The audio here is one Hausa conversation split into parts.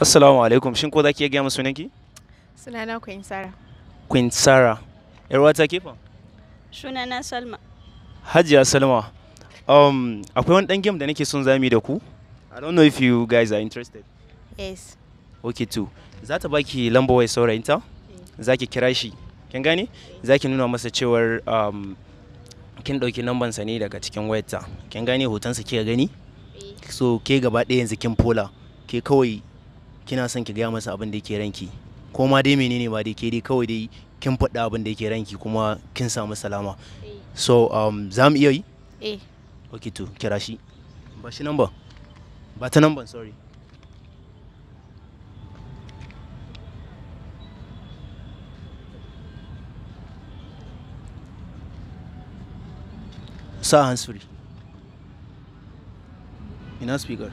Assalamu alaikum. Shin ko za ki iya gaya musu sunanki? Sunana Queen Sara. Queen Sara. Yar wata ke fa? Sunana Salma. Hajiya Salma. Um, akwai wani dan game da nake son zami da ku? I don't know if you guys are interested. Yes. Okay too. Za ta baki lamba wai saurayinta? Za ki kira shi. Kin gane? Za ki nuna masa cewar um, kin ɗauki lambansa ne daga cikin wayarta. Kin gane hotonsa kika gani? So ke gaba ɗaya yanzu kin pola. ke kawai kina son ki gaya masa abin da yake ranki ko ma dai menene ba dai ke dai kawai dai kin faɗa abin da yake ranki kuma kin samu salama eh. so um, za mu iya yi eh okay to kira shi ba shi number ba ta number sorry sa hands free ina speaker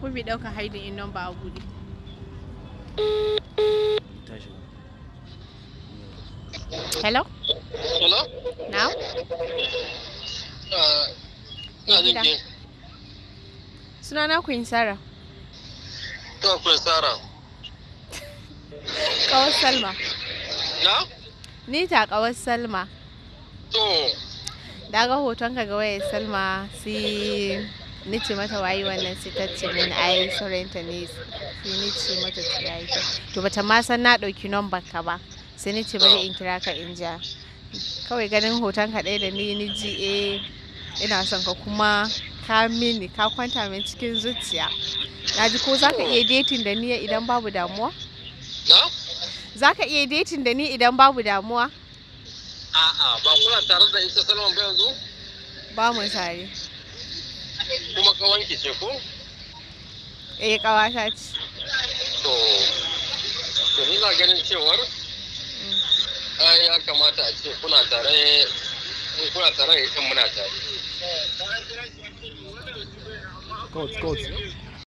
ko bai ɗauka haidin in nan ba a guri hello hello now suna na ku insara To ku insara Kawar Salma. Na? Ni ta kawar Salma. To. Daga hoton ka ga wayar Salma si ni ce mata wayi, wannan sai ta ce min ai saurayinta ne sai ni ce mata turayi to bata ma san na ɗauki number ka ba sai ni ce bari in kira ka in ja kawai ganin hoton ka ɗaya da ni ni ji eh ina son ka kuma ka mini ka kwanta min cikin zuciya na ji ko za ka iya dating da ni idan babu damuwa za ka iya dating da ni idan babu damuwa a'a ba kuna tare da ita salman ba yanzu ba mu tare kuma wanke ce ko? eh kawata ce to to ina ganin cewar ya kamata a ce kuna tare kuna tare idan muna tare eh, coach coach